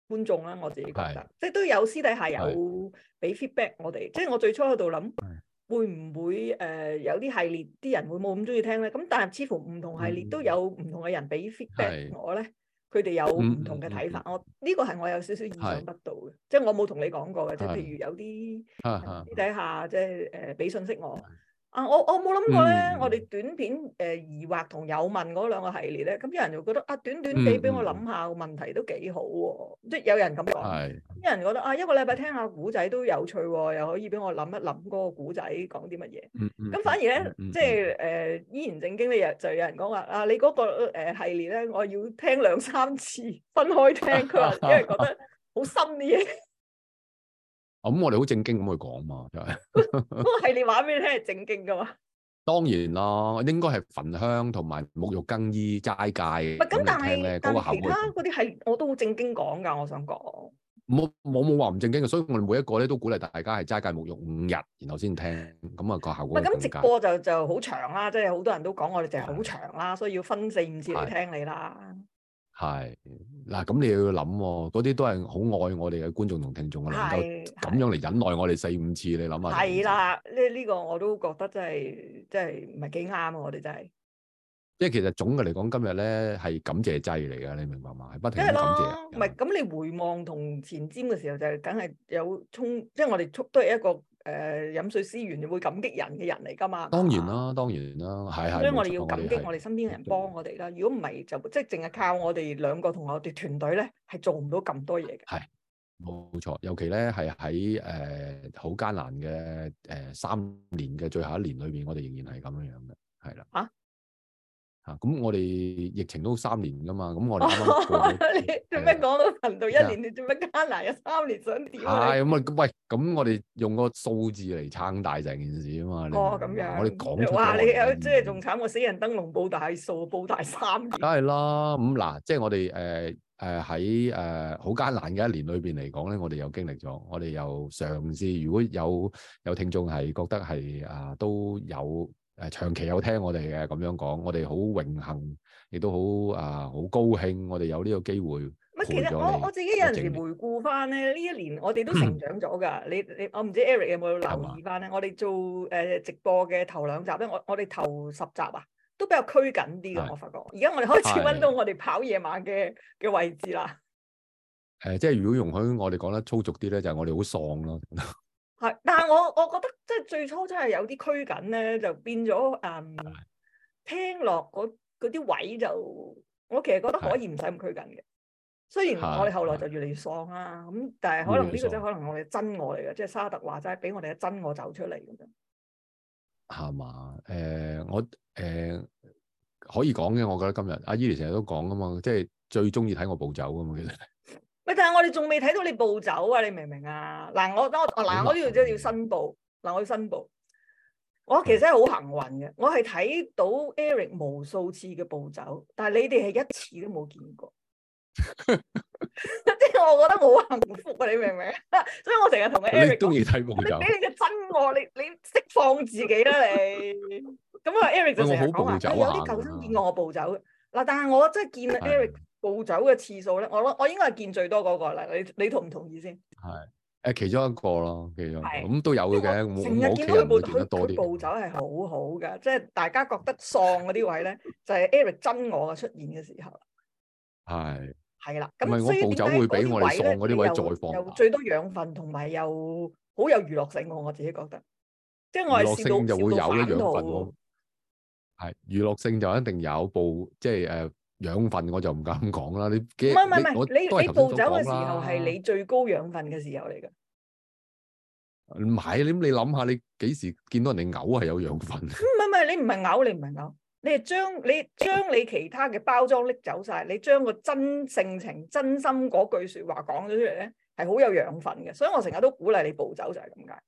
觀眾啦。我自己覺得，是即係都有私底下有俾 feedback 我哋。是即係我最初喺度諗，是會唔會誒、呃、有啲系列啲人會冇咁中意聽咧？咁但係似乎唔同系列都有唔同嘅人俾 feedback 我咧。佢哋有唔同嘅睇法，嗯嗯、我呢、呢個係我有少少意想不到嘅，是即係我冇同你講過嘅，即係是譬如有啲私底的的下即係誒俾信息我。啊！我、嗯、我冇諗過咧，我哋短片誒疑惑同有問嗰兩個系列咧，咁、嗯嗯、有人就覺得啊，短短地俾我諗下個問題都幾好喎，啊，即係有人咁講。的有人覺得啊，一個禮拜聽下古仔都有趣喎，哦，又可以俾我諗一諗嗰個古仔講啲乜嘢。咁、嗯嗯嗯、反而咧，即係誒依然正經嘅日就有人講話啊，你嗰、那個、呃、系列咧，我要聽兩三次，分開聽。佢話因為覺得好深啲嘢。 *laughs* 啊咁、嗯，我哋好正經咁去講嘛，即係系列話俾你聽係正經噶嘛。 *laughs* *laughs* 當然啦，應該係焚香同埋沐浴更衣齋戒，戒。唔咁但，但係但係其他嗰啲係我都好正經講噶，我想講。冇冇冇話唔正經嘅，所以我哋每一個咧都鼓勵大家係齋戒沐浴五日，然後先聽。咁啊個效果。咁直播就就好長啦，即係好多人都講我哋淨係好長啦，的所以要分四五次嚟聽你啦。係嗱，咁你要諗、哦，嗰啲都係好愛我哋嘅觀眾同聽眾啊，能夠咁樣嚟忍耐我哋四五次，的你諗下。係啦，呢、這、呢個我都覺得真係，真係唔係幾啱啊！我哋真係。即係其實總嘅嚟講，今日咧係感謝祭嚟噶，你明白嘛？白？係不停咁感謝。唔係，咁你回望同前瞻嘅時候，就係梗係有衝，即係我哋促都係一個。誒、呃、飲水思源，會感激人嘅人嚟噶嘛。當、啊？當然啦、啊，當然啦，係係冇錯。所以我哋要感激我哋身邊嘅人幫我哋啦。如果唔係，就即係淨係靠我哋兩個同我哋團隊咧，係做唔到咁多嘢嘅。係冇錯，尤其咧係喺誒好艱難嘅誒、呃、三年嘅最後一年裏邊，我哋仍然係咁樣樣嘅，係啦。啊！咁我哋疫情都三年噶嘛，咁我哋啱啱做。你做咩講到頻道一年？你做咩艱難、啊？有三年想點？係咁啊！喂，咁我哋用個數字嚟撐大成件事啊嘛。你哦，咁樣。我哋講咗。話你啊，即係仲慘過死人燈籠報大數，報大三年。梗係啦，咁嗱、嗯，即係我哋誒誒喺誒好艱難嘅一年裏邊嚟講咧，我哋又經歷咗，我哋又嘗試。如果有有聽眾係覺得係啊都有。都有誒長期有聽我哋嘅咁樣講，我哋好榮幸，亦都好啊，好高興，我哋有呢個機會。唔其實我我自己有陣時回顧翻咧，呢 *laughs* 一年我哋都成長咗㗎。你你，我唔知 Eric 有冇留意翻咧嗎？我哋做誒直播嘅頭兩集咧，我我哋頭十集啊，都比較拘緊啲㗎。是我發覺，而家我哋開始揾到我哋跑夜晚嘅嘅位置啦。誒、呃，即係如果容許我哋講得粗俗啲咧，就係、是、我哋好喪咯。 *laughs* 係，但係我我覺得即係最初真係有啲拘謹咧，就變咗誒，嗯、的聽落嗰啲位就，我其實覺得可以唔使咁拘謹嘅。的雖然我哋後來就越嚟越喪啦、啊，咁的但係可能呢個真可能我哋真我嚟嘅，即係沙特話齋俾我哋嘅真我走出嚟咁樣。係嘛的？誒、呃，我誒、呃、可以講嘅，我覺得今日阿伊麗成日都講噶嘛，即係最中意睇我步走噶嘛，其實。 *laughs* 但係我哋仲未睇到你步走啊！你明唔明啊？嗱，我我嗱，我呢度真係要申報，嗱，我要申報。我其實係好幸運嘅，我係睇到 Eric 無數次嘅步走，但係你哋係一次都冇見過。即係我覺得好幸福啊！你明唔明？所以我成日同你 Eric 中意睇步走。呢啲就真我，你你釋放自己啦，你。咁啊，Eric 就成日講啊，有啲舊生見我步走。嗱，但係我真係見 Eric。暴走嘅次數咧，我我應該係見最多嗰個啦。你你同唔同意先？係，誒，其中一個咯，其中咁都有嘅。成日見到佢暴，佢佢暴走係好好嘅，即係大家覺得喪嗰啲位咧，就係 Eric 真我嘅出現嘅時候。係係啦，咁唔係我暴走會畀我哋喪嗰啲位再放。有最多養分同埋又好有娛樂性，我我自己覺得。即係我係笑到笑到反到。係娛樂性就一定有暴，即係誒。養分我就唔敢咁講啦，你幾？唔係唔係唔係，你你暴走嘅時候係你最高養分嘅時候嚟噶。唔係，你你諗下，你幾時見到人哋嘔係有養分？唔係唔係，你唔係嘔，你唔係嘔，你係將你將你其他嘅包裝拎走晒，你將個真性情、真心嗰句說話講咗出嚟咧，係好有養分嘅。所以我成日都鼓勵你暴走就係咁解。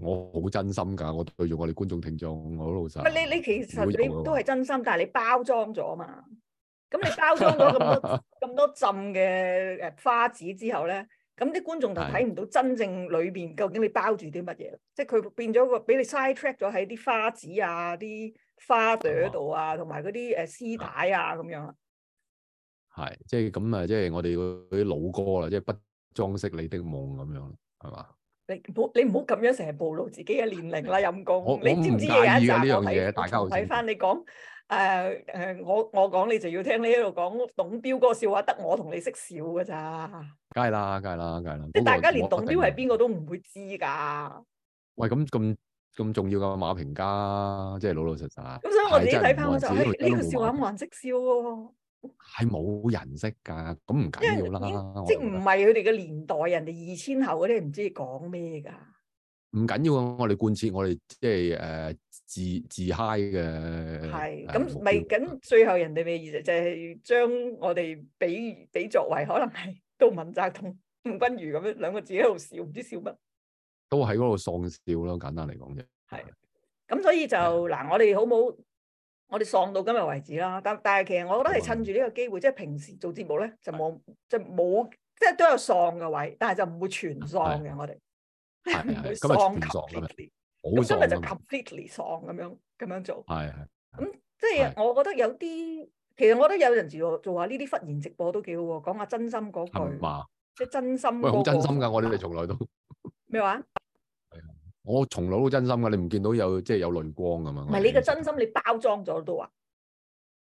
我好真心噶，我對住我哋觀眾聽眾好老實。你你其實你都係真心，但係你包裝咗嘛？咁你包裝咗咁多咁 *laughs* 多浸嘅誒花紙之後咧，咁啲觀眾就睇唔到真正裏邊究竟你包住啲乜嘢？的即係佢變咗個俾你 side track 咗喺啲花紙啊、啲花朵度啊，同埋嗰啲誒絲帶啊咁樣。係即係咁啊！即係我哋嗰啲老歌啦，即係不裝飾你的夢咁樣，係嘛？你唔好，你唔好咁樣成日暴露自己嘅年齡啦，陰公，你知唔知有一集大家睇翻？你講誒誒，我我講你就要聽，你喺度講董彪嗰個笑話，得我同你識笑噶咋？梗係啦，梗係啦，梗係啦！即係大家連董彪係邊個都唔會知噶。喂，咁咁咁重要嘅馬評家，即係老老實實。咁所以我自己睇翻，我就呢個笑話冇人識笑喎。係冇人識噶，咁唔緊要啦。為即係唔係佢哋嘅年代，人哋二千後嗰啲唔知講咩噶。唔緊要啊，我哋貫徹我哋即係誒自自 high 嘅。係，咁咪緊最後人哋嘅意思就係、是、將我哋比比作為，可能係杜文澤同吳君如咁樣兩個字喺度笑，唔知笑乜。都喺嗰度喪笑咯，簡單嚟講就係。咁所以就嗱，我哋好冇。我哋喪到今日為止啦，但但係其實我覺得係趁住呢個機會，即係平時做節目咧就冇，即係冇，即係都有喪嘅位，但係就唔會全喪嘅。我哋唔會喪 c o m p l 咁今就 c o m p 喪咁樣做。係係。咁即係我覺得有啲，其實我覺得有人自做下呢啲忽然直播都幾好喎，講下真心嗰句。係即係真心。喂，好真心㗎！我哋從來都。咩啊。我從來都真心噶，你唔見到有即係有淚光咁啊？唔係你個真心你裝、 *laughs* 哎，你包裝咗都話？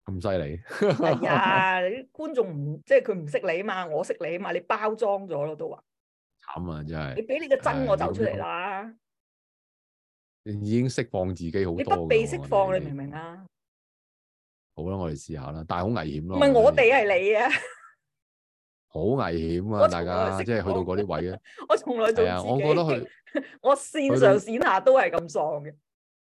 咁犀利？係啊，觀眾唔即係佢唔識你啊嘛，我識你啊嘛，你包裝咗咯都話。慘啊！真、就、係、是。你俾你個真我走出嚟啦。你已經釋放自己好多，被釋放們你明唔明啊？好啦，我哋試下啦，但係好危險咯。唔係我哋係你啊。 *laughs* 好危險啊！大家即係去到嗰啲位啊。 *laughs* 我從來做自己我覺得去我線上線下都係咁喪嘅。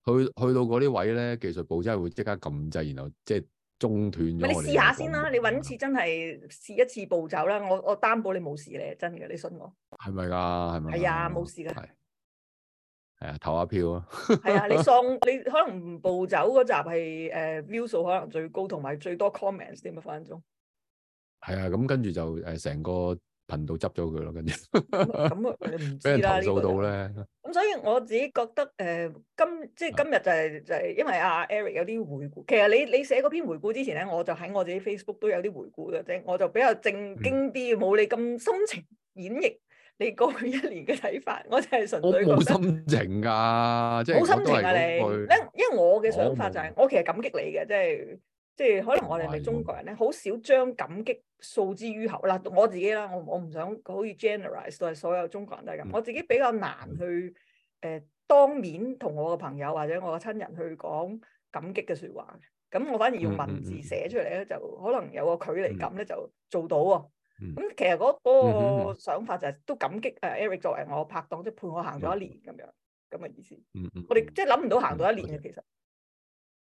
去去到嗰啲位咧，技術部真係會即刻撳掣，然後即係中斷咗。你試下先啦、啊， *laughs* 你搵次真係試一次暴走啦，我我擔保你冇事咧，真嘅，你信我。係咪噶？係咪？係啊，冇事噶。係啊，投下票啊。係 *laughs* 啊，你喪你可能唔暴走嗰集係誒、呃、view 數可能最高，同埋最多 comments 啊，五分鐘。係啊，咁跟住就誒，成個頻道執咗佢咯，跟住俾人投訴到咧。咁所以我自己覺得誒，今即係今日就係就係，因為阿 Eric 有啲回顧。其實你你寫嗰篇回顧之前咧，我就喺我自己 Facebook 都有啲回顧嘅啫。我就比較正經啲，冇你咁深情演繹你過去一年嘅睇法。我就係純粹講心情啊，即係冇心情啊你。因為因為我嘅想法就係，我其實感激你嘅，即係。即係可能我哋係中國人咧，好少將感激訴之於喉嗱，我自己啦，我我唔想好似 generalise 到係所有中國人都係咁。我自己比較難去誒、呃、當面同我個朋友或者我個親人去講感激嘅説話。咁我反而用文字寫出嚟咧，就可能有個距離感咧，就做到喎、啊。咁其實嗰個想法就係都感激誒 Eric 作為我拍檔，即係陪我行咗一年咁樣咁嘅意思。我哋即係諗唔到行到一年嘅其實。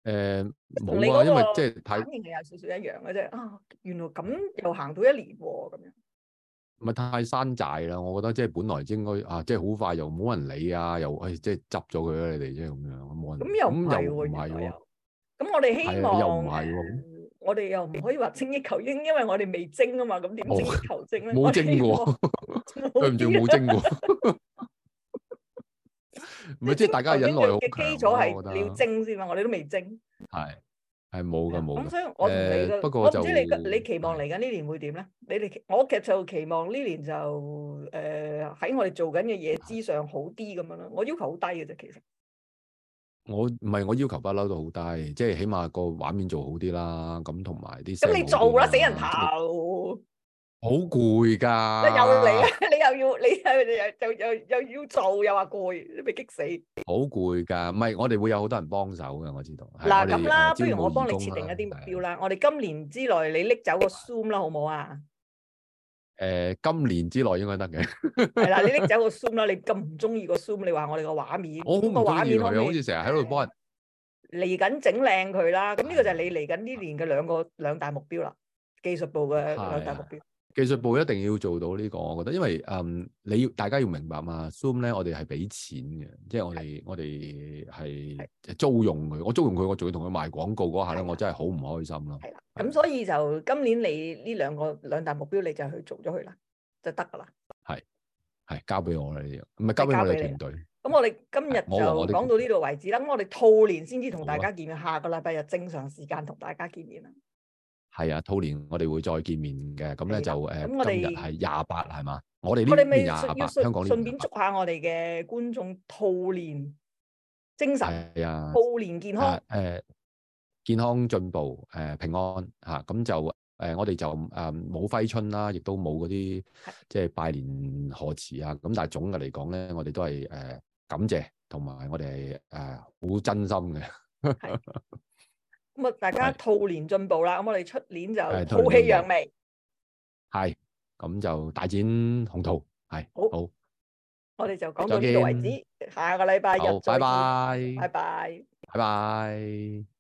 誒，冇啊、呃，因為即係睇，肯定係有少少一樣嘅啫。啊，原來咁又行到一年咁樣，唔係太山寨啦。我覺得即係本來應該啊，即係好快又冇人理啊，又誒，即係執咗佢啊。你哋即係咁樣，冇人。咁又唔係喎，咁我哋希望，又我哋又唔可以話精益求精，因為我哋未精啊嘛，咁點精益求精咧？冇精嘅，過 *laughs* 對唔住起，冇精。 *laughs* *laughs* 唔係即係大家忍耐嘅基礎係你要精先嘛，我哋都未精，係係冇㗎冇。咁所以我唔理嘅。不過就我知你，你期望嚟緊呢年會點咧？你哋我其實就期望呢年就誒喺我哋做緊嘅嘢之上好啲咁樣咯。我要求好低嘅啫，其實我唔係我要求不嬲都好低，即係起碼個畫面做好啲啦。咁同埋啲咁你做啦，死人頭。好攰噶，又你，你又要你又又又又又要做，又話攰，都俾激死。好攰噶，唔係我哋會有好多人幫手嘅。我知道嗱，咁啦，不如我幫你設定一啲目標啦。我哋今年之內你拎走個 Zoom 啦，好唔好啊？誒，今年之內應該得嘅係啦。你拎走個 Zoom 啦，你咁唔中意個 Zoom，你話我哋個畫面，我唔中意佢，好似成日喺度幫人嚟緊整靚佢啦。咁呢個就係你嚟緊呢年嘅兩個兩大目標啦，技術部嘅兩大目標。技術部一定要做到呢個，我覺得，因為嗯，你要大家要明白嘛，Zoom 咧，我哋係俾錢嘅，即係我哋我哋係租用佢，我租用佢，我仲要同佢賣廣告嗰下咧，我真係好唔開心咯。係啦，咁所以就今年你呢兩個兩大目標，你就去做咗佢啦，就得噶啦。係係交俾我啦，唔係交俾我哋團隊。咁我哋今日就講到呢度為止啦。咁我哋兔年先至同大家見面，下個禮拜日正常時間同大家見面啦。係、sí, e nice, uh, 啊，兔年我哋會再見面嘅，咁咧就誒，今日係廿八係嘛，我哋呢年廿八，香港呢年廿八，順便祝下我哋嘅觀眾兔年精神，係啊，兔年健康，誒，健康進步，誒、uh,，平安吓，咁就誒，我哋就誒冇揮春啦，亦都冇嗰啲即係拜年賀詞啊，咁但係總嘅嚟講咧，我哋都係誒感謝，同埋我哋誒好真心嘅。咁大家兔年進步啦，咁我哋出年就吐氣揚眉，係，咁就大展宏圖，係，好，我哋就講到呢度為止，下個禮拜日，拜拜，拜拜，拜拜。